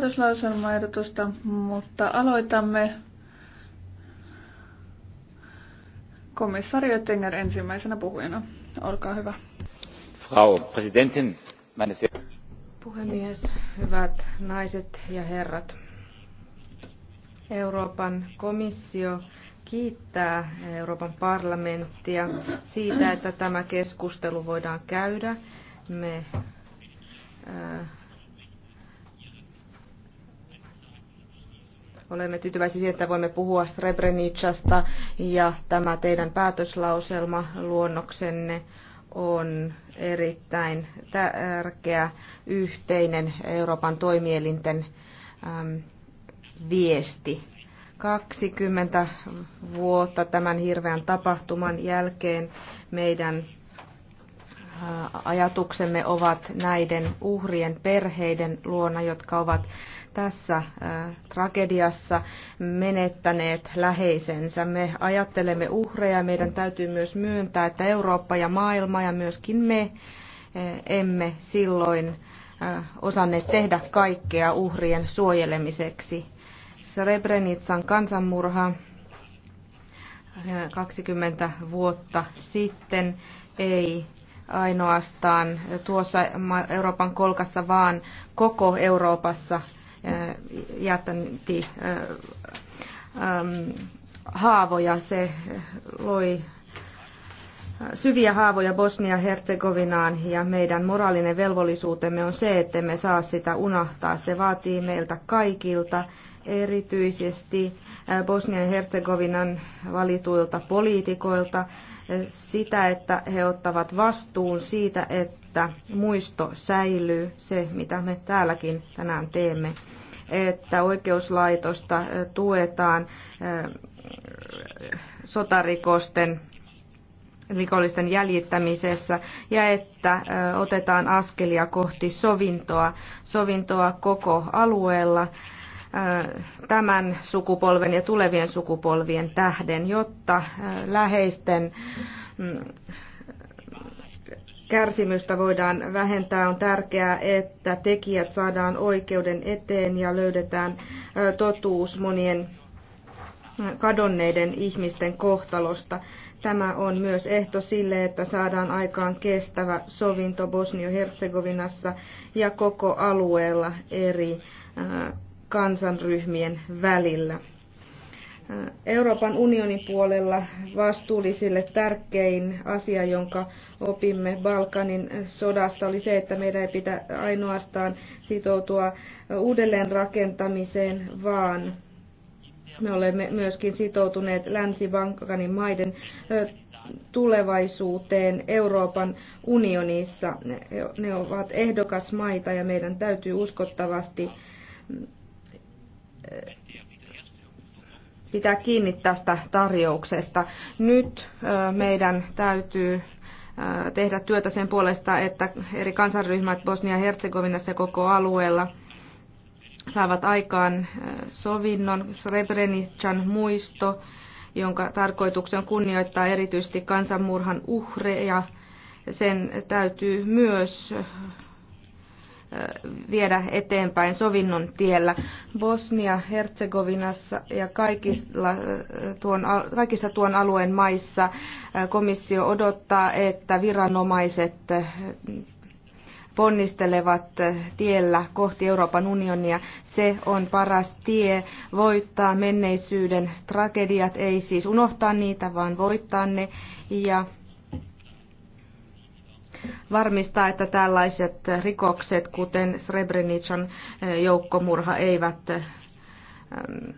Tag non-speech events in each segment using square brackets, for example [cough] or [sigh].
päätöslauselmaehdotusta, mutta aloitamme komissaari Oettinger ensimmäisenä puhujana. Olkaa hyvä. Frau Präsidentin, meine sehr... Puhemies, hyvät naiset ja herrat. Euroopan komissio kiittää Euroopan parlamenttia siitä, että tämä keskustelu voidaan käydä. Me äh, Olemme tyytyväisiä siihen, että voimme puhua Srebrenicasta ja tämä teidän päätöslauselma luonnoksenne on erittäin tärkeä yhteinen Euroopan toimielinten äm, viesti. 20 vuotta tämän hirveän tapahtuman jälkeen meidän ajatuksemme ovat näiden uhrien perheiden luona, jotka ovat tässä äh, tragediassa menettäneet läheisensä. Me ajattelemme uhreja, meidän täytyy myös myöntää, että Eurooppa ja maailma ja myöskin me äh, emme silloin äh, osanneet tehdä kaikkea uhrien suojelemiseksi. Srebrenitsan kansanmurha 20 vuotta sitten ei ainoastaan tuossa Euroopan kolkassa, vaan koko Euroopassa Äh, jättätti äh, ähm, haavoja. Se loi äh, syviä haavoja Bosnia-Herzegovinaan ja meidän moraalinen velvollisuutemme on se, että me saa sitä unohtaa. Se vaatii meiltä kaikilta, erityisesti Bosnian-Herzegovinan valituilta poliitikoilta, sitä, että he ottavat vastuun siitä, että että muisto säilyy, se mitä me täälläkin tänään teemme, että oikeuslaitosta tuetaan sotarikosten rikollisten jäljittämisessä ja että otetaan askelia kohti sovintoa, sovintoa koko alueella tämän sukupolven ja tulevien sukupolvien tähden, jotta läheisten mm, kärsimystä voidaan vähentää. On tärkeää, että tekijät saadaan oikeuden eteen ja löydetään totuus monien kadonneiden ihmisten kohtalosta. Tämä on myös ehto sille, että saadaan aikaan kestävä sovinto Bosnio-Herzegovinassa ja koko alueella eri kansanryhmien välillä. Euroopan unionin puolella vastuullisille tärkein asia, jonka opimme Balkanin sodasta, oli se, että meidän ei pitä ainoastaan sitoutua uudelleenrakentamiseen, vaan me olemme myöskin sitoutuneet Länsi-Balkanin maiden tulevaisuuteen Euroopan unionissa. Ne ovat ehdokasmaita ja meidän täytyy uskottavasti pitää kiinni tästä tarjouksesta. Nyt meidän täytyy tehdä työtä sen puolesta, että eri kansanryhmät Bosnia-Herzegovinassa ja koko alueella saavat aikaan sovinnon, Srebrenican muisto, jonka tarkoituksena on kunnioittaa erityisesti kansanmurhan uhreja. Sen täytyy myös viedä eteenpäin sovinnon tiellä. Bosnia-Herzegovinassa ja kaikilla äh, tuon, kaikissa tuon alueen maissa äh, komissio odottaa, että viranomaiset äh, ponnistelevat tiellä kohti Euroopan unionia. Se on paras tie voittaa menneisyyden tragediat, ei siis unohtaa niitä, vaan voittaa ne. Ja varmistaa, että tällaiset rikokset, kuten Srebrenican eh, joukkomurha, eivät eh, mm,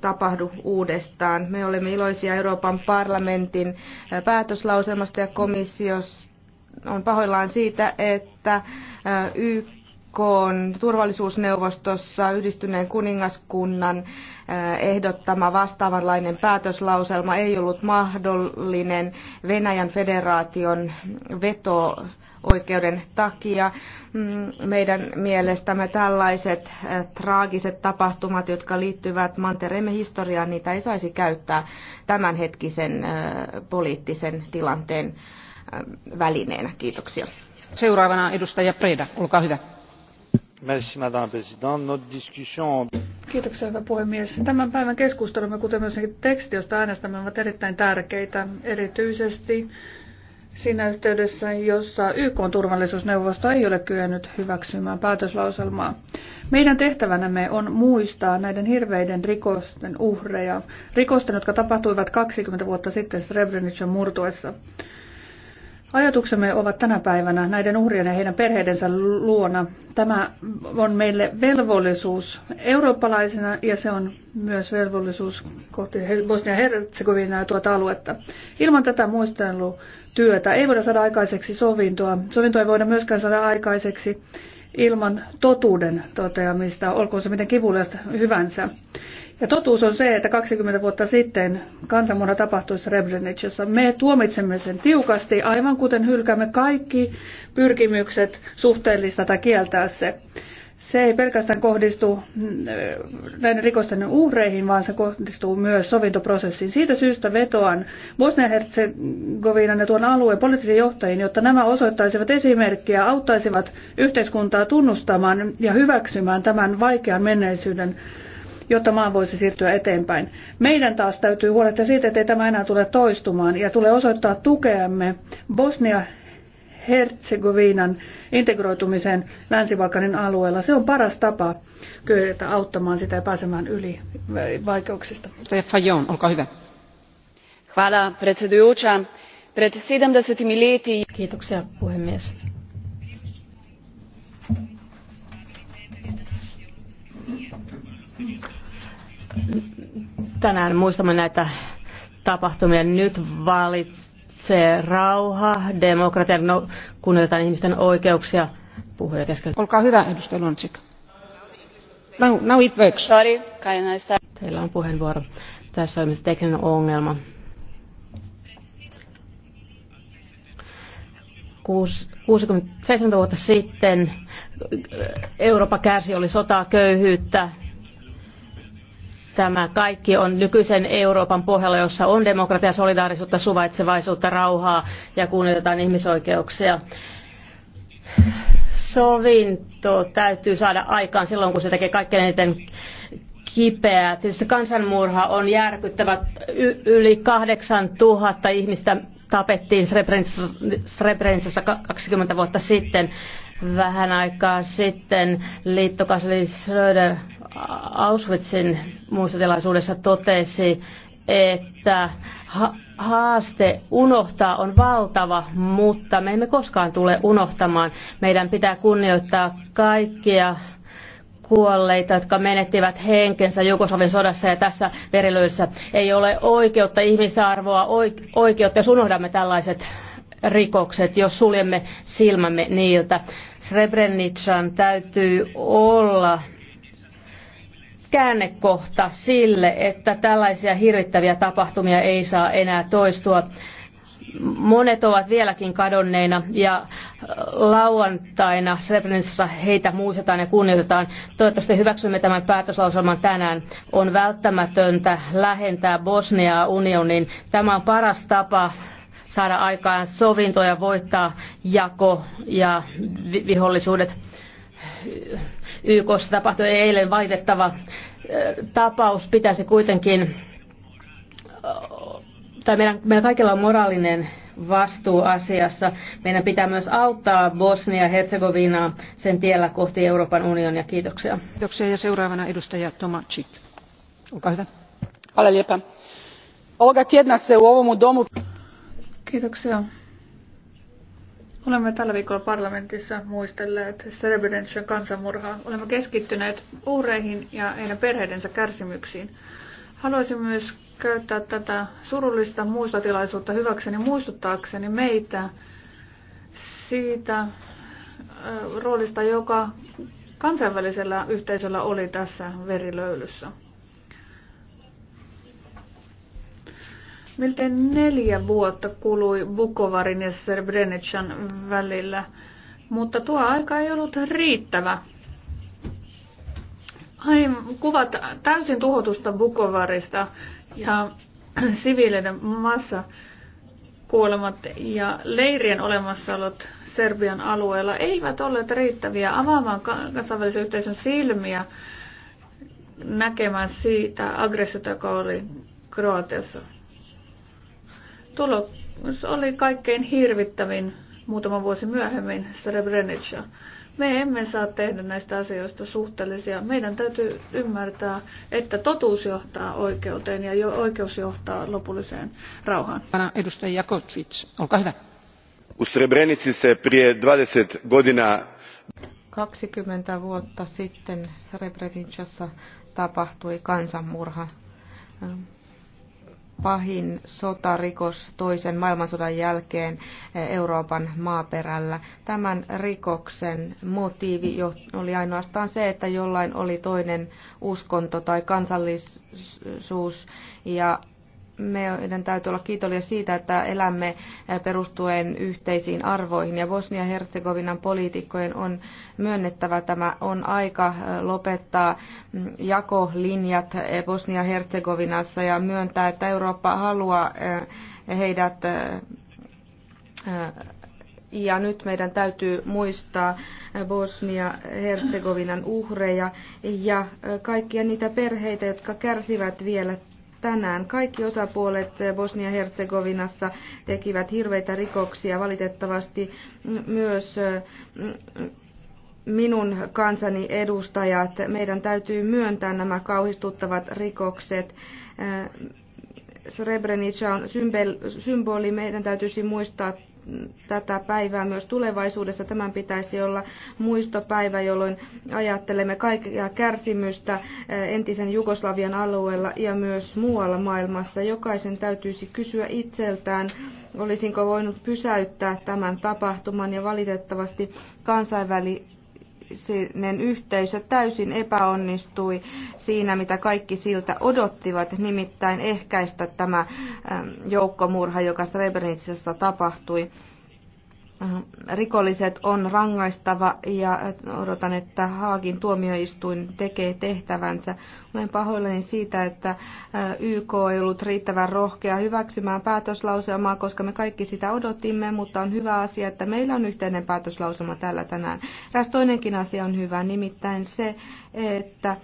tapahdu uudestaan. Me olemme iloisia Euroopan parlamentin eh, päätöslauselmasta ja komissiosta on pahoillaan siitä, että YK YK turvallisuusneuvostossa yhdistyneen kuningaskunnan eh, ehdottama vastaavanlainen päätöslauselma ei ollut mahdollinen Venäjän federaation veto oikeuden takia. Mm, meidän mielestämme tällaiset eh, traagiset tapahtumat, jotka liittyvät mantereemme historiaan, niitä ei saisi käyttää tämänhetkisen eh, poliittisen tilanteen välineenä. Kiitoksia. Seuraavana edustaja Preda, olkaa hyvä. Merci, Kiitoksia, hyvä puhemies. Tämän päivän keskustelumme, kuten myös teksti, josta äänestämme, ovat erittäin tärkeitä, erityisesti siinä yhteydessä, jossa YK turvallisuusneuvosto ei ole kyennyt hyväksymään päätöslauselmaa. Meidän tehtävänämme on muistaa näiden hirveiden rikosten uhreja, rikosten, jotka tapahtuivat 20 vuotta sitten Srebrenican murtuessa. Ajatuksemme ovat tänä päivänä näiden uhrien ja heidän perheidensä luona. Tämä on meille velvollisuus eurooppalaisena ja se on myös velvollisuus kohti Bosnia-Herzegovinaa ja tuota aluetta. Ilman tätä muistelutyötä ei voida saada aikaiseksi sovintoa. Sovintoa ei voida myöskään saada aikaiseksi ilman totuuden toteamista, olkoon se miten kivuliasta hyvänsä. Ja totuus on se, että 20 vuotta sitten kansanmurha tapahtui Srebrenicassa. Me tuomitsemme sen tiukasti, aivan kuten hylkäämme kaikki pyrkimykset suhteellista tai kieltää se. Se ei pelkästään kohdistu mm, näiden rikosten uhreihin, vaan se kohdistuu myös sovintoprosessiin. Siitä syystä vetoan Bosnia-Herzegovinan ja tuon alueen poliittisiin johtajiin, jotta nämä osoittaisivat esimerkkiä, auttaisivat yhteiskuntaa tunnustamaan ja hyväksymään tämän vaikean menneisyyden jotta maa voisi siirtyä eteenpäin. Meidän taas täytyy huolehtia siitä, että ei tämä enää tule toistumaan ja tulee osoittaa tukeamme Bosnia Herzegovinan integroitumiseen Länsi-Balkanin alueella. Se on paras tapa kyetä auttamaan sitä ja pääsemään yli vaikeuksista. Fajon, olkaa hyvä. Hvala, Pred 70 leti... Kiitoksia, puhemies. tänään muistamme näitä tapahtumia. Nyt valitsee rauha, demokratia, no, kunnioitetaan ihmisten oikeuksia. Puhuja keskellä. Olkaa hyvä, edustaja Lonsik. Now, now it works. Sorry, Teillä on puheenvuoro. Tässä on tekninen ongelma. Kuus, 67 vuotta sitten Eurooppa kärsi, oli sotaa, köyhyyttä, Tämä kaikki on nykyisen Euroopan pohjalla, jossa on demokratia, solidaarisuutta, suvaitsevaisuutta, rauhaa ja kunnioitetaan ihmisoikeuksia. Sovinto täytyy saada aikaan silloin, kun se tekee kaikkein eniten kipeää. Tietysti kansanmurha on järkyttävä. Y- yli 8000 ihmistä tapettiin Srebrenicassa 20 vuotta sitten. Vähän aikaa sitten liittokansleri Söder Auschwitzin muistotilaisuudessa totesi, että haaste unohtaa on valtava, mutta me emme koskaan tule unohtamaan. Meidän pitää kunnioittaa kaikkia kuolleita, jotka menettivät henkensä Jugoslavin sodassa ja tässä verilöissä. Ei ole oikeutta, ihmisarvoa, oikeutta, jos unohdamme tällaiset rikokset, jos suljemme silmämme niiltä. Srebrenican täytyy olla käännekohta sille, että tällaisia hirvittäviä tapahtumia ei saa enää toistua. Monet ovat vieläkin kadonneina ja äh, lauantaina Srebrenicassa heitä muistetaan ja kunnioitetaan. Toivottavasti hyväksymme tämän päätöslauselman tänään. On välttämätöntä lähentää Bosniaa unioniin. Tämä on paras tapa saada aikaan sovintoja voittaa jako ja vihollisuudet YKssa tapahtui eilen valitettava tapaus. Pitäisi kuitenkin, tai meidän, meillä kaikilla on moraalinen vastuu asiassa. Meidän pitää myös auttaa Bosnia-Herzegovinaa sen tiellä kohti Euroopan unionia. Kiitoksia. Kiitoksia ja seuraavana edustaja Tomacic. Olkaa hyvä. Hvala lijepa. Ovoga tjedna se u ovomu domu... Kiitoksia. Olemme tällä viikolla parlamentissa muistelleet Srebrenicin kansanmurhaa. Olemme keskittyneet uhreihin ja heidän perheidensä kärsimyksiin. Haluaisin myös käyttää tätä surullista muistotilaisuutta hyväkseni muistuttaakseni meitä siitä äh, roolista, joka kansainvälisellä yhteisöllä oli tässä verilöylyssä. Miltei neljä vuotta kului Bukovarin ja Srebrenican välillä, mutta tuo aika ei ollut riittävä. Ai, kuvat täysin tuhotusta Bukovarista ja [clears throat] siviileiden massa kuolemat ja leirien olemassaolot Serbian alueella eivät olleet riittäviä avaamaan kansainvälisen yhteisön silmiä näkemään siitä aggressiota, joka oli Kroatiassa. Tulos oli kaikkein hirvittävin muutama vuosi myöhemmin Srebrenica. Me emme saa tehdä näistä asioista suhteellisia. Meidän täytyy ymmärtää, että totuus johtaa oikeuteen ja jo oikeus johtaa lopulliseen rauhaan. Edustaja Jakovic, olkaa hyvä. U Srebrenici se prije 20 godina 20 vuotta sitten Srebrenicassa tapahtui kansanmurha pahin sotarikos toisen maailmansodan jälkeen eh, Euroopan maaperällä. Tämän rikoksen motiivi oli ainoastaan se, että jollain oli toinen uskonto tai kansallisuus ja meidän täytyy olla kiitollisia siitä, että elämme eh, perustuen yhteisiin arvoihin. Ja Bosnia-Herzegovinan poliitikkojen on myönnettävä tämä on aika eh, lopettaa mm, jakolinjat eh, Bosnia-Herzegovinassa ja myöntää, että Eurooppa haluaa heidät ja nyt meidän täytyy muistaa Bosnia-Herzegovinan uhreja ja kaikkia niitä perheitä, jotka kärsivät vielä tänään. Kaikki osapuolet Bosnia-Herzegovinassa tekivät hirveitä rikoksia. Valitettavasti myös mm, minun kansani edustajat, meidän täytyy myöntää nämä kauhistuttavat rikokset. Srebrenica on symboli, meidän täytyisi muistaa tätä päivää myös tulevaisuudessa. Tämän pitäisi olla muistopäivä, jolloin ajattelemme kaikkea kärsimystä eh, entisen Jugoslavian alueella ja myös muualla maailmassa. Jokaisen täytyisi kysyä itseltään, olisinko voinut pysäyttää tämän tapahtuman ja valitettavasti kansainvälinen poliittinen yhteisö täysin epäonnistui siinä, mitä kaikki siltä odottivat, nimittäin ehkäistä tämä joukkomurha, joka Srebrenicassa tapahtui. Äh, rikolliset on rangaistava ja odotan, että Haagin tuomioistuin tekee tehtävänsä. Olen pahoillani siitä, että äh, YK ei ollut riittävän rohkea hyväksymään päätöslauselmaa, koska me kaikki sitä odotimme, mutta on hyvä asia, että meillä on yhteinen päätöslauselma täällä tänään. Eräs toinenkin asia on hyvä, nimittäin se, että äh,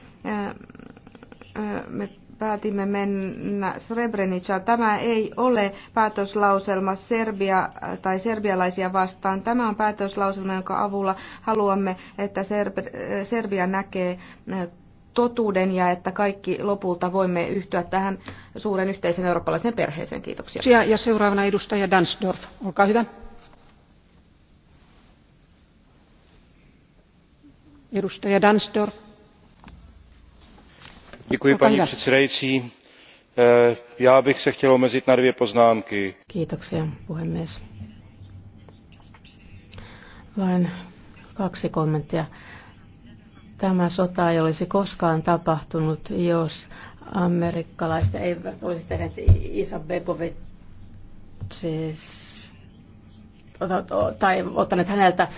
me päätimme mennä Srebrenicaan. Tämä ei ole päätöslauselma Serbia tai serbialaisia vastaan. Tämä on päätöslauselma, jonka avulla haluamme, että Serbia näkee totuuden ja että kaikki lopulta voimme yhtyä tähän suuren yhteisen eurooppalaisen perheeseen. Kiitoksia. Ja seuraavana edustaja Dansdorf, olkaa hyvä. Edustaja Dansdorf paní předsedající eh, já bych se chtěl omezit na dvě poznámky. Vain kaksi kommenttia. Tämä sota ei olisi koskaan tapahtunut, jos amerikkalaiset eivät olisi tehneet Isabekovicista tai ottaneet häneltä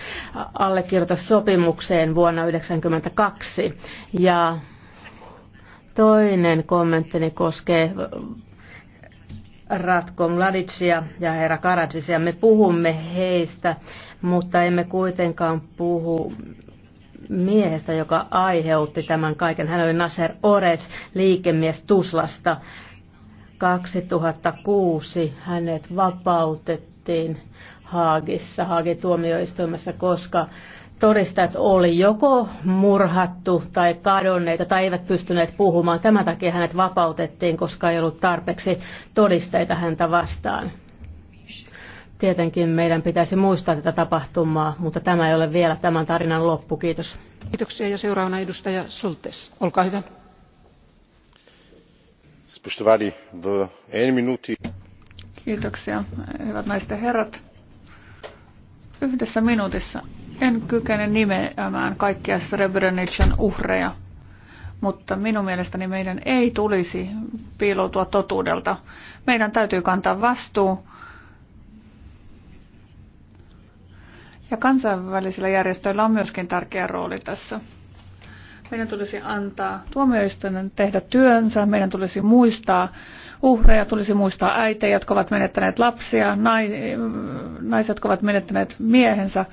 sopimukseen vuonna 1992. Ja Toinen kommenttini koskee Ratko Mladicia ja herra Karadzisia. Me puhumme heistä, mutta emme kuitenkaan puhu miehestä, joka aiheutti tämän kaiken. Hän oli Nasser Orets, liikemies Tuslasta. 2006 hänet vapautettiin Haagissa, Haagin tuomioistuimessa, koska todistajat oli joko murhattu tai kadonneita tai eivät pystyneet puhumaan. Tämän takia hänet vapautettiin, koska ei ollut tarpeeksi todisteita häntä vastaan. Tietenkin meidän pitäisi muistaa tätä tapahtumaa, mutta tämä ei ole vielä tämän tarinan loppu. Kiitos. Kiitoksia ja seuraavana edustaja Sultes. Olkaa hyvä. en minuutti. Kiitoksia, hyvät naiset ja herrat. Yhdessä minuutissa en kykene nimeämään kaikkia Srebrenican uhreja, mutta minun mielestäni meidän ei tulisi piiloutua totuudelta. Meidän täytyy kantaa vastuu Ja kansainvälisillä järjestöillä on myöskin tärkeä rooli tässä. Meidän tulisi antaa tuomioistuimen tehdä työnsä, meidän tulisi muistaa uhreja, tulisi muistaa äitejä, jotka ovat menettäneet lapsia, naiset, jotka ovat menettäneet miehensä.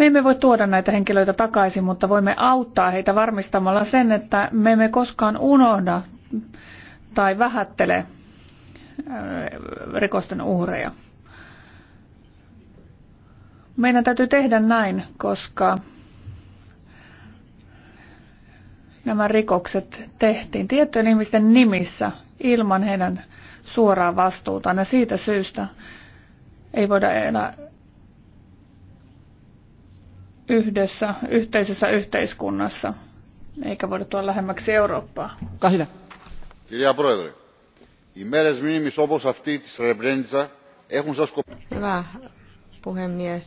Me emme voi tuoda näitä henkilöitä takaisin, mutta voimme auttaa heitä varmistamalla sen, että me emme koskaan unohda tai vähättele äh, rikosten uhreja. Meidän täytyy tehdä näin, koska nämä rikokset tehtiin tiettyjen ihmisten nimissä ilman heidän suoraa vastuutaan. Ja siitä syystä ei voida enää yhdessä yhteisessä yhteiskunnassa, eikä voida tuoda lähemmäksi Eurooppaa. Olkaa Kirja Proedre, ημέρες μήνυμης όπως αυτή της Ρεμπρέντζα έχουν σαν Hyvä puhemies.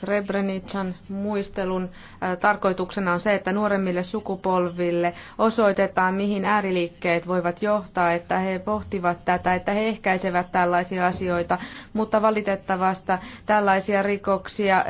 Srebrenican muistelun äh, tarkoituksena on se, että nuoremmille sukupolville osoitetaan, mihin ääriliikkeet voivat johtaa, että he pohtivat tätä, että he ehkäisevät tällaisia asioita, mutta valitettavasti tällaisia rikoksia äh,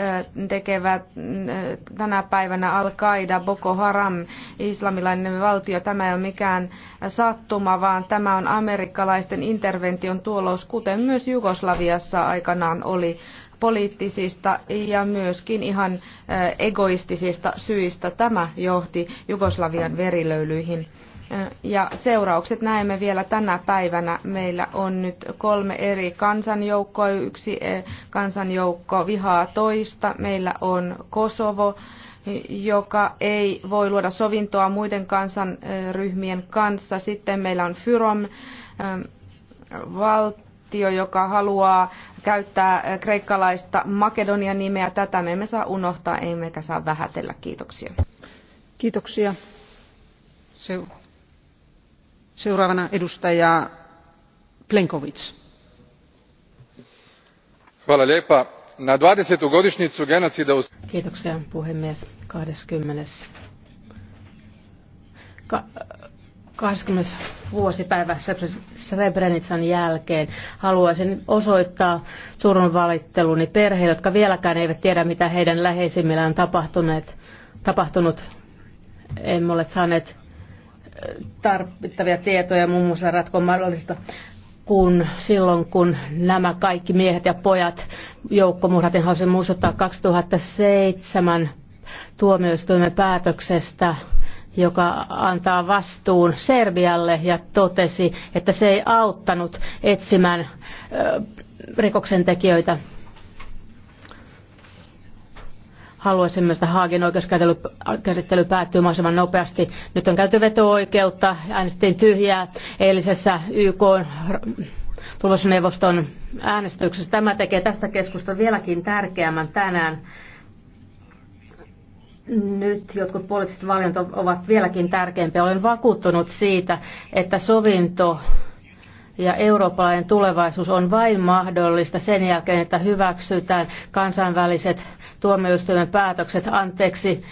tekevät mm, äh, tänä päivänä Al-Qaida, Boko Haram, islamilainen valtio. Tämä ei ole mikään sattuma, vaan tämä on amerikkalaisten intervention tuolos, kuten myös Jugoslaviassa aikanaan oli poliittisista ja myöskin ihan eh, egoistisista syistä. Tämä johti Jugoslavian verilöylyihin. Eh, ja seuraukset näemme vielä tänä päivänä. Meillä on nyt kolme eri kansanjoukkoa. Yksi eh, kansanjoukko vihaa toista. Meillä on Kosovo, joka ei voi luoda sovintoa muiden kansanryhmien kanssa. Sitten meillä on Fyrom, valtio valtio, joka haluaa käyttää kreikkalaista Makedonian nimeä. Tätä me emme saa unohtaa, emmekä saa vähätellä. Kiitoksia. Kiitoksia. Seuraavana edustaja Plenković. Hvala lijepa. Na 20. godišnjicu genocida u... Kiitoksia puhemies. 20. Ka- 20. vuosipäivä Srebrenitsan jälkeen haluaisin osoittaa surun valitteluni perheille, jotka vieläkään eivät tiedä, mitä heidän läheisimmillään on tapahtuneet, tapahtunut. Emme ole saaneet eh, tarvittavia tietoja muun muassa ratkon mahdollista kun silloin, kun nämä kaikki miehet ja pojat joukkomurhatin haluaisin muistuttaa 2007 tuomioistuimen päätöksestä joka antaa vastuun Serbialle ja totesi, että se ei auttanut etsimään rikoksentekijöitä. Haluaisin myös, että Haagin oikeuskäsittely päättyy mahdollisimman nopeasti. Nyt on käyty veto-oikeutta, äänestin tyhjää eilisessä YK tulosneuvoston äänestyksessä. Tämä tekee tästä keskustelusta vieläkin tärkeämmän tänään nyt jotkut poliittiset valinnat ovat vieläkin tärkeimpiä. Olen vakuuttunut siitä, että sovinto ja eurooppalainen tulevaisuus on vain mahdollista sen jälkeen, että hyväksytään kansainväliset tuomioistuimen päätökset anteeksi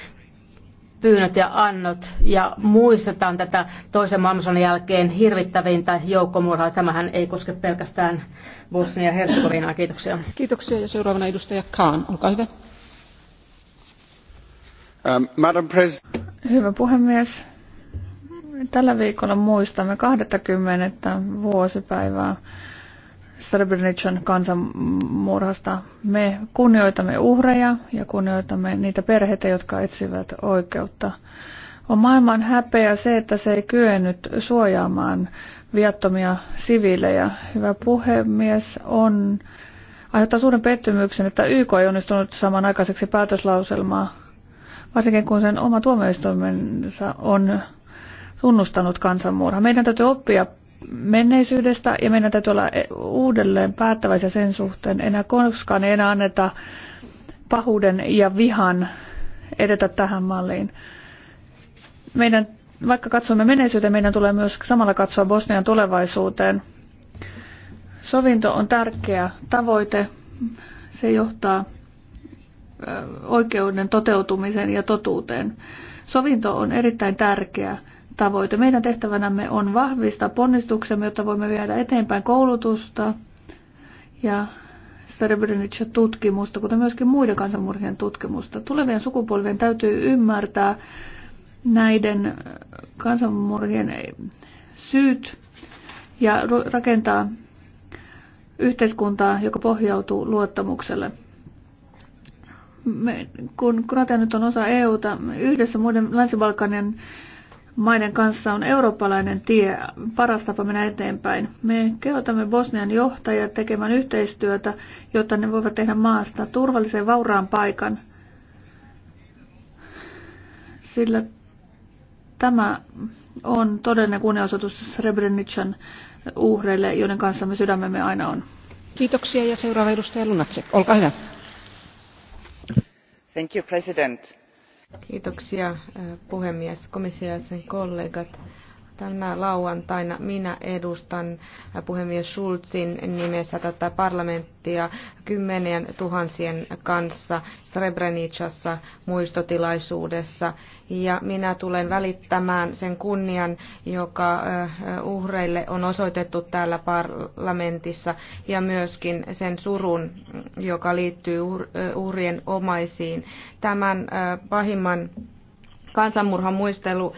pyynnöt ja annot ja muistetaan tätä toisen maailmansodan jälkeen hirvittävintä joukkomurhaa. Tämähän ei koske pelkästään Bosnia ja Herzegovinaa. Kiitoksia. Kiitoksia ja seuraavana edustaja Kaan. Olkaa hyvä. Um, Hyvä puhemies. Tällä viikolla muistamme 20. vuosipäivää Srebrenican kansanmurhasta. Me kunnioitamme uhreja ja kunnioitamme niitä perheitä, jotka etsivät oikeutta. On maailman häpeä se, että se ei kyennyt suojaamaan viattomia siviilejä. Hyvä puhemies, on aiheuttaa suuren pettymyksen, että YK ei onnistunut saamaan aikaiseksi päätöslauselmaa varsinkin kun sen oma tuomioistuimensa on tunnustanut kansanmurha. Meidän täytyy oppia menneisyydestä ja meidän täytyy olla uudelleen päättäväisiä sen suhteen. Enää koskaan ei enää anneta pahuuden ja vihan edetä tähän malliin. Meidän, vaikka katsomme menneisyyteen, meidän tulee myös samalla katsoa Bosnian tulevaisuuteen. Sovinto on tärkeä tavoite. Se johtaa oikeuden toteutumisen ja totuuteen. Sovinto on erittäin tärkeä tavoite. Meidän tehtävänämme on vahvistaa ponnistuksemme, jotta voimme viedä eteenpäin koulutusta ja Srebrenica tutkimusta, kuten myöskin muiden kansanmurhien tutkimusta. Tulevien sukupolvien täytyy ymmärtää näiden kansanmurhien syyt ja rakentaa yhteiskuntaa, joka pohjautuu luottamukselle me, kun Kroatia nyt on osa EUta, yhdessä muiden Länsi-Balkanin maiden kanssa on eurooppalainen tie paras tapa mennä eteenpäin. Me kehotamme Bosnian johtajia tekemään yhteistyötä, jotta ne voivat tehdä maasta turvallisen vauraan paikan. Sillä tämä on todellinen kunnianosoitus Srebrenican uhreille, joiden kanssa me sydämemme aina on. Kiitoksia ja seuraava edustaja Lunatse. Olkaa hyvä. Kiitoksia puhemies, komission jäsen kollegat. Tänä lauantaina minä edustan puhemies Schulzin nimessä tätä parlamenttia kymmenien tuhansien kanssa Srebrenicassa muistotilaisuudessa. Ja minä tulen välittämään sen kunnian, joka uhreille on osoitettu täällä parlamentissa ja myöskin sen surun, joka liittyy uhrien omaisiin. Tämän pahimman kansanmurhan muistelu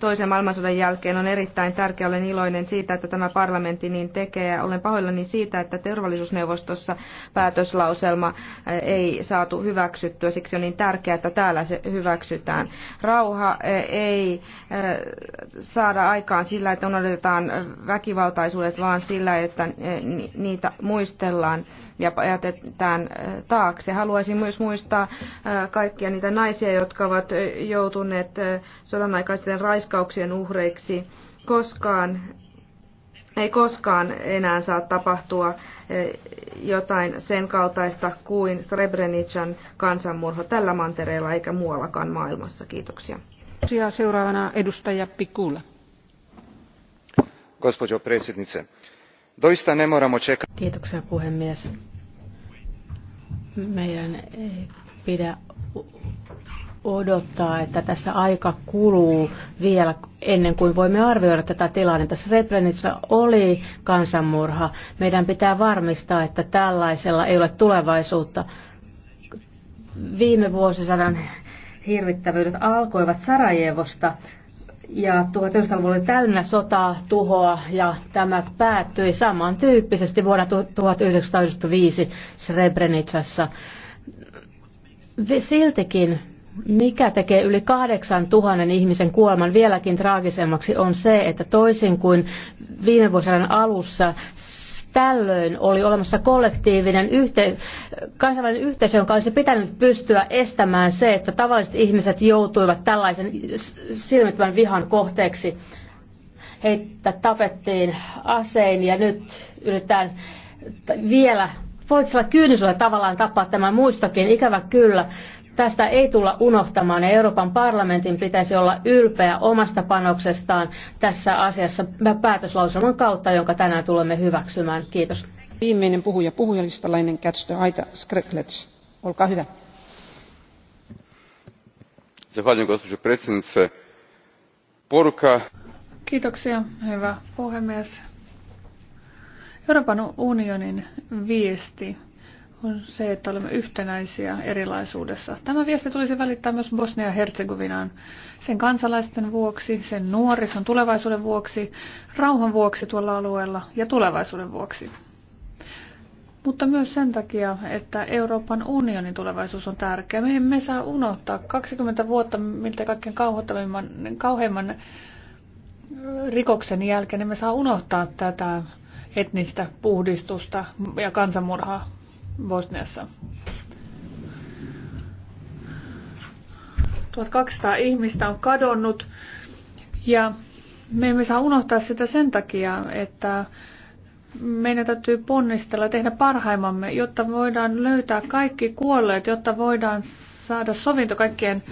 toisen maailmansodan jälkeen on erittäin tärkeä. Olen iloinen siitä, että tämä parlamentti niin tekee. olen pahoillani siitä, että turvallisuusneuvostossa päätöslauselma eh, ei saatu hyväksyttyä. Siksi on niin tärkeää, että täällä se hyväksytään. Rauha eh, ei eh, saada aikaan sillä, että unohdetaan väkivaltaisuudet, vaan sillä, että niitä muistellaan ja jätetään taakse. Haluaisin myös muistaa kaikkia niitä naisia, jotka ovat joutuneet sodan aikaisemmin naisten raiskauksien uhreiksi. Koskaan, ei koskaan enää saa tapahtua eh, jotain sen kaltaista kuin Srebrenican kansanmurho tällä mantereella eikä muuallakaan maailmassa. Kiitoksia. Ja seuraavana edustaja Pikula. Gospođo predsjednice, doista ne moramo čekati. Kiitoksia puhemies. Meidän ei pidä odottaa, että tässä aika kuluu vielä ennen kuin voimme arvioida tätä tilannetta. Srebrenica oli kansanmurha. Meidän pitää varmistaa, että tällaisella ei ole tulevaisuutta. Viime vuosisadan hirvittävyydet alkoivat Sarajevosta ja 1900-luvulla oli täynnä sotaa, tuhoa ja tämä päättyi samantyyppisesti vuonna 1995 Srebrenicassa. Siltikin mikä tekee yli 8000 ihmisen kuoleman vieläkin traagisemmaksi on se, että toisin kuin viime vuosien alussa tällöin oli olemassa kollektiivinen yhte, kansainvälinen yhteisö, jonka olisi pitänyt pystyä estämään se, että tavalliset ihmiset joutuivat tällaisen silmittömän vihan kohteeksi. Heitä tapettiin asein ja nyt yritetään vielä poliittisella kyynisellä tavallaan tapaa tämä muistokin, ikävä kyllä. Tästä ei tulla unohtamaan ja Euroopan parlamentin pitäisi olla ylpeä omasta panoksestaan tässä asiassa päätöslauselman kautta, jonka tänään tulemme hyväksymään. Kiitos. Viimeinen puhuja puhujalistalla ennen catch Aita Skreklets. Olkaa hyvä. Kiitoksia, hyvä puhemies. Euroopan unionin viesti on se, että olemme yhtenäisiä erilaisuudessa. Tämä viesti tulisi välittää myös Bosnia-Herzegovinaan sen kansalaisten vuoksi, sen nuorison tulevaisuuden vuoksi, rauhan vuoksi tuolla alueella ja tulevaisuuden vuoksi. Mutta myös sen takia, että Euroopan unionin tulevaisuus on tärkeä. Me emme saa unohtaa 20 vuotta miltä kaikkein kauheimman rikoksen jälkeen, emme saa unohtaa tätä etnistä puhdistusta ja kansanmurhaa Bosniassa. 1200 ihmistä on kadonnut ja me emme saa unohtaa sitä sen takia, että meidän täytyy ponnistella tehdä parhaimmamme, jotta voidaan löytää kaikki kuolleet, jotta voidaan saada sovinto kaikkien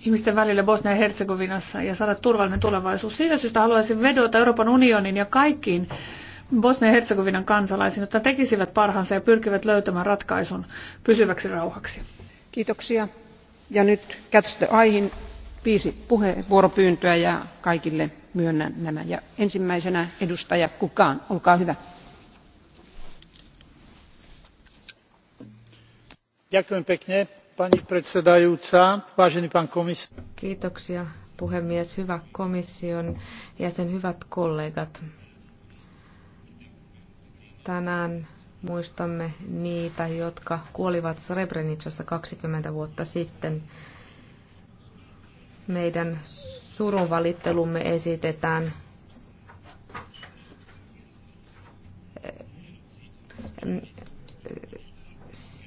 ihmisten välille Bosnia ja Herzegovinassa ja saada turvallinen tulevaisuus. Siitä syystä haluaisin vedota Euroopan unionin ja kaikkiin Bosnia-Herzegovinan kansalaisiin, jotta tekisivät parhaansa ja pyrkivät löytämään ratkaisun pysyväksi rauhaksi. Kiitoksia. Ja nyt Catch aihin viisi puheenvuoropyyntöä ja kaikille myönnän nämä. Ja ensimmäisenä edustaja Kukaan, olkaa hyvä. Kiitoksia puhemies, hyvä komission jäsen, hyvät kollegat. Tänään muistamme niitä, jotka kuolivat Srebrenicassa 20 vuotta sitten. Meidän surunvalittelumme esitetään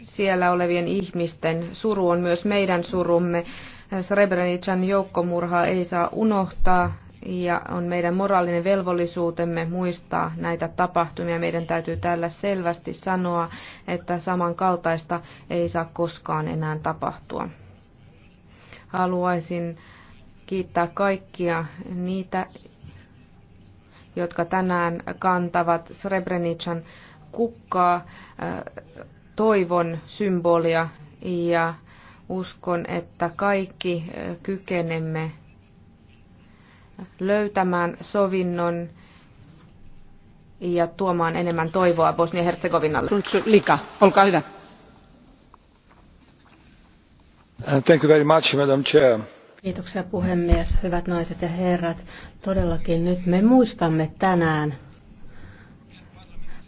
siellä olevien ihmisten suru on myös meidän surumme. Srebrenican joukkomurhaa ei saa unohtaa ja on meidän moraalinen velvollisuutemme muistaa näitä tapahtumia. Meidän täytyy täällä selvästi sanoa, että samankaltaista ei saa koskaan enää tapahtua. Haluaisin kiittää kaikkia niitä, jotka tänään kantavat Srebrenican kukkaa, äh, toivon symbolia ja uskon, että kaikki äh, kykenemme löytämään sovinnon ja tuomaan enemmän toivoa Bosnia-Herzegovinalle. Lika, olkaa hyvä. Thank you very much, Madam Chair. Kiitoksia puhemies, hyvät naiset ja herrat. Todellakin nyt me muistamme tänään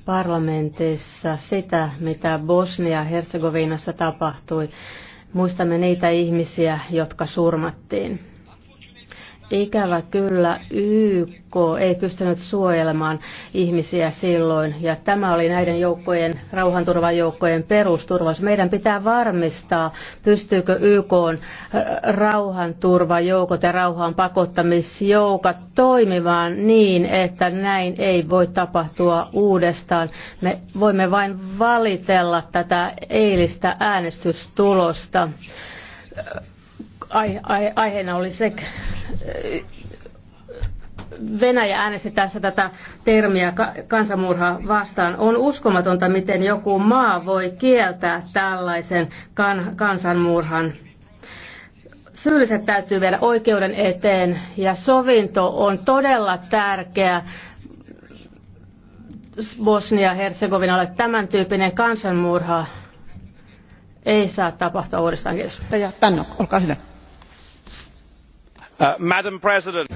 parlamentissa sitä, mitä Bosnia-Herzegovinassa tapahtui. Muistamme niitä ihmisiä, jotka surmattiin. Ikävä kyllä YK ei pystynyt suojelemaan ihmisiä silloin ja tämä oli näiden joukkojen, rauhanturvajoukkojen perusturvaus. Meidän pitää varmistaa, pystyykö YK rauhanturvajoukot ja rauhaan pakottamisjoukot toimimaan niin, että näin ei voi tapahtua uudestaan. Me voimme vain valitella tätä eilistä äänestystulosta ai, ai, aiheena oli se, äh, Venäjä äänesti tässä tätä termiä kansanmurha vastaan. On uskomatonta, miten joku maa voi kieltää tällaisen kan, kansanmurhan. Syylliset täytyy viedä oikeuden eteen ja sovinto on todella tärkeä Bosnia-Herzegovinalle. Tämän tyyppinen kansanmurha ei saa tapahtua uudestaan. Kiitos. Ja olkaa hyvä. Uh, Madam President.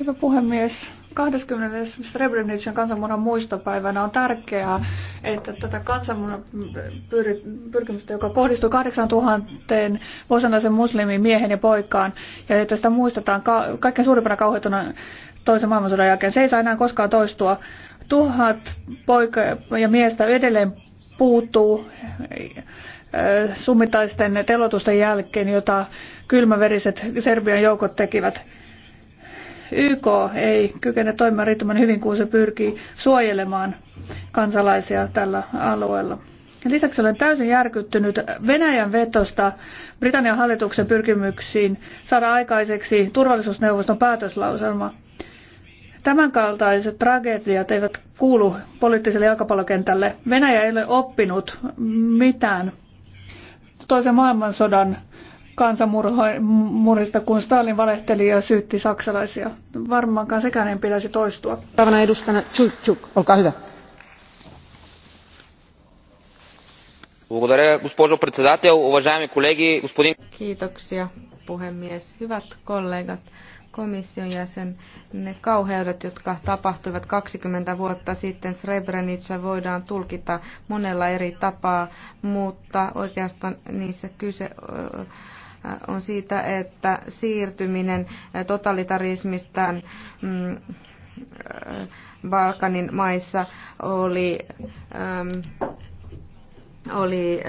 Hyvä puhemies. 20. Srebrenican kansanmurhan muistopäivänä on tärkeää, että tätä kansanmurhan pyrkimystä, joka kohdistuu 8000 vuosanaisen muslimiin miehen ja poikaan, ja että sitä muistetaan ka- kaikkein suurimpana kauheutuna toisen maailmansodan jälkeen. Se ei saa enää koskaan toistua. Tuhat poika ja miestä edelleen puuttuu summittaisten telotusten jälkeen, jota kylmäveriset Serbian joukot tekivät. YK ei kykene toimimaan riittävän hyvin, kun se pyrkii suojelemaan kansalaisia tällä alueella. Lisäksi olen täysin järkyttynyt Venäjän vetosta Britannian hallituksen pyrkimyksiin saada aikaiseksi turvallisuusneuvoston päätöslauselma. Tämänkaltaiset tragediat eivät kuulu poliittiselle jalkapallokentälle. Venäjä ei ole oppinut mitään toisen maailmansodan kansanmurhista, kun Stalin valehteli ja syytti saksalaisia. Varmaankaan sekään ei pitäisi toistua. Päivänä edustajana Tchuk, olkaa hyvä. Kiitoksia puhemies. Hyvät kollegat, komission jäsen, ne kauheudet, jotka tapahtuivat 20 vuotta sitten Srebrenica voidaan tulkita monella eri tapaa, mutta oikeastaan niissä kyse on siitä, että siirtyminen totalitarismista mm, Balkanin maissa oli oli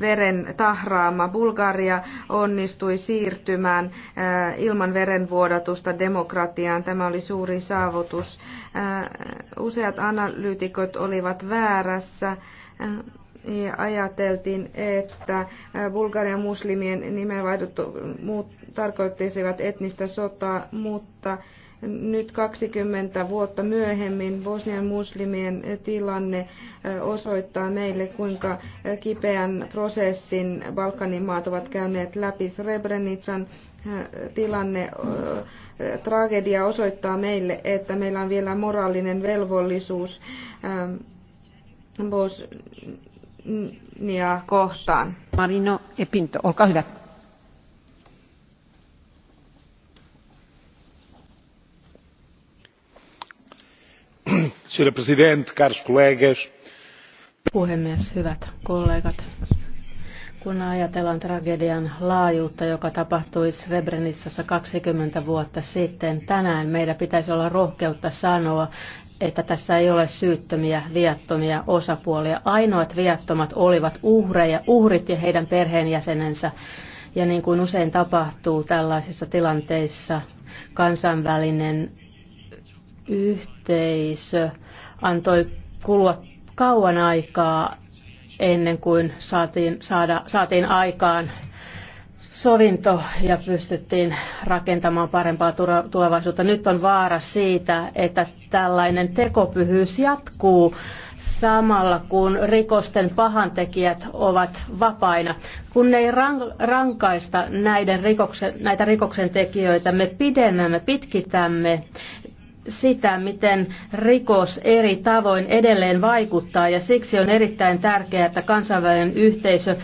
veren tahraama. Bulgaria onnistui siirtymään ilman verenvuodatusta demokratiaan. Tämä oli suuri saavutus. Useat analyytikot olivat väärässä ajateltiin, että Bulgarian muslimien nimenvaihdot muut tarkoittaisivat etnistä sotaa, mutta nyt 20 vuotta myöhemmin Bosnian muslimien tilanne osoittaa meille, kuinka kipeän prosessin Balkanin maat ovat käyneet läpi. Srebrenican tilanne, tragedia osoittaa meille, että meillä on vielä moraalinen velvollisuus ja kohtaan. Marino e Pinto, olkaa hyvä. Signor Presidente, caros collegas. Puhemies, hyvät kollegat. Kun ajatellaan tragedian laajuutta, joka tapahtui Srebrenicassa 20 vuotta sitten, tänään meidän pitäisi olla rohkeutta sanoa, että tässä ei ole syyttömiä, viattomia osapuolia. Ainoat viattomat olivat uhreja, uhrit ja heidän perheenjäsenensä. Ja niin kuin usein tapahtuu tällaisissa tilanteissa, kansainvälinen yhteisö antoi kulua kauan aikaa ennen kuin saatiin, saada, saatiin aikaan sovinto ja pystyttiin rakentamaan parempaa tulevaisuutta. Nyt on vaara siitä, että tällainen tekopyhyys jatkuu samalla, kun rikosten pahantekijät ovat vapaina. Kun ei rankaista näiden rikoksen, näitä rikoksen tekijöitä, me pidennämme, pitkitämme sitä, miten rikos eri tavoin edelleen vaikuttaa ja siksi on erittäin tärkeää, että kansainvälinen yhteisö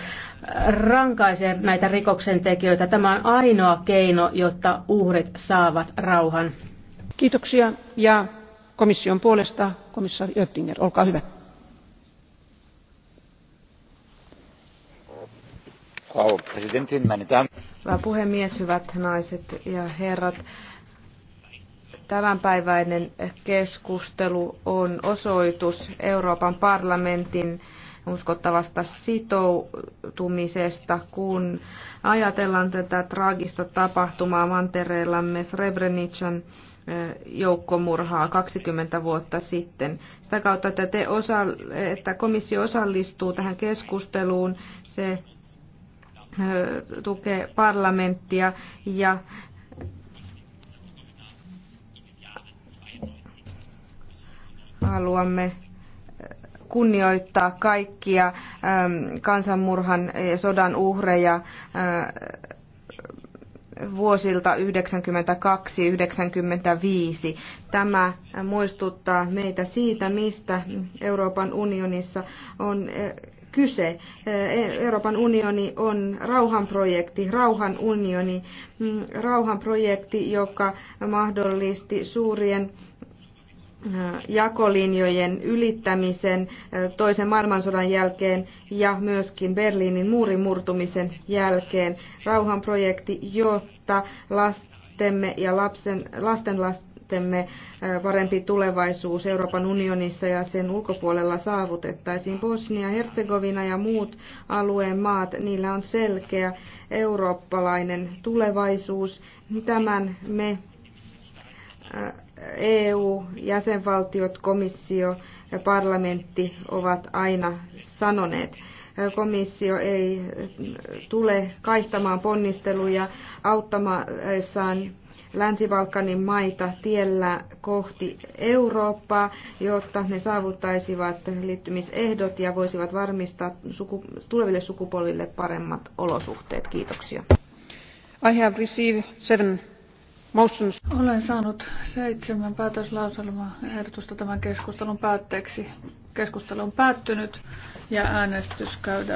rankaisee näitä rikoksentekijöitä. Tämä on ainoa keino, jotta uhrit saavat rauhan. Kiitoksia ja komission puolesta komissaari Oettinger, olkaa hyvä. Hyvä puhemies, hyvät naiset ja herrat. Tämänpäiväinen keskustelu on osoitus Euroopan parlamentin uskottavasta sitoutumisesta, kun ajatellaan tätä traagista tapahtumaa mantereellamme Srebrenican joukkomurhaa 20 vuotta sitten. Sitä kautta, että, te osa, että komissio osallistuu tähän keskusteluun, se tukee parlamenttia ja haluamme kunnioittaa kaikkia ähm, kansanmurhan ja sodan uhreja äh, vuosilta 1992-1995. Tämä muistuttaa meitä siitä, mistä Euroopan unionissa on äh, kyse. Äh, e- Euroopan unioni on rauhanprojekti, rauhan unioni, mm, rauhanprojekti, joka mahdollisti suurien Äh, jakolinjojen ylittämisen äh, toisen maailmansodan jälkeen ja myöskin Berliinin muurin murtumisen jälkeen. Rauhanprojekti, jotta lastemme ja lapsen, lastenlastemme äh, parempi tulevaisuus Euroopan unionissa ja sen ulkopuolella saavutettaisiin. Bosnia, Herzegovina ja muut alueen maat, niillä on selkeä eurooppalainen tulevaisuus. Tämän me EU, jäsenvaltiot, komissio ja parlamentti ovat aina sanoneet. Komissio ei tule kaihtamaan ponnisteluja auttamaan Länsi-Balkanin maita tiellä kohti Eurooppaa, jotta ne saavuttaisivat liittymisehdot ja voisivat varmistaa tuleville sukupolville paremmat olosuhteet. Kiitoksia. I have received seven olen saanut seitsemän ehdotusta tämän keskustelun päätteeksi. Keskustelu on päättynyt ja äänestys käydään.